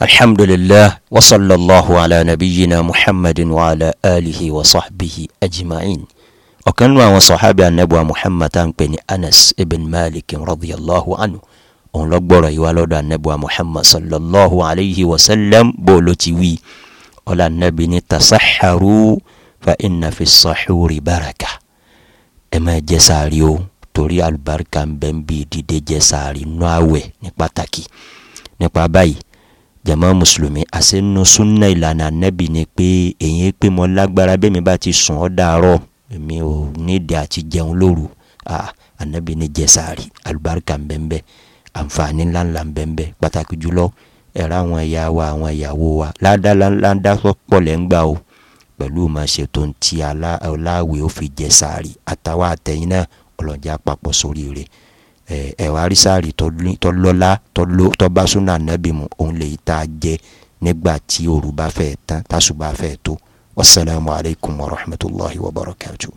الحمد لله وصلى الله على نبينا محمد وعلى آله وصحبه أجمعين وكان مع صحابي النبوة محمد بن أنس بن مالك رضي الله عنه òun lọ́gbọ̀rọ̀ yìí wá lọ́dọ̀ anabiwa muhammad sallallahu alayhi wa sallam bó ló ti wí ọ̀la anabi ní tasaxaru fa inna fi saxuri baraka ẹ má jẹ sààrì o torí alibarika ń bẹ ń bi dídé jẹ sààrì nù awẹ ní pàtàkì nípa báyìí jàmá mùsùlùmí àsẹ́nu súnà ìlànà ànábì ni pé èyí pé mo lágbára bẹ́ẹ̀ mi bá ti sùn ọ́ dàárọ̀ èmi ò nídìí àti jẹun lóru ànábì ni jẹsàárì alùbáríkà ń bẹ́ẹ̀ àǹfààní ńláńlá ń bẹ́ẹ̀ pàtàkì àwọn ẹ̀yà wa àwọn ìyàwó wa ládá ládá pọ̀ lẹ́ ń gbà o pẹ̀lú ma ṣètò ti aláwẹ̀ ó fi jẹsàárì àtàwọn àtẹ̀yìn náà ọlọ́jà papọ̀ sórí rẹ̀ ẹ̀wà arísàárì tó lọ́lá tó súnà nẹ́bí òun lè ta jẹ nígbà tí òru bá fẹ́ tán tásùbà fẹ́ tó wasalaamualeykum wa rahmatulahi wa barakatuh.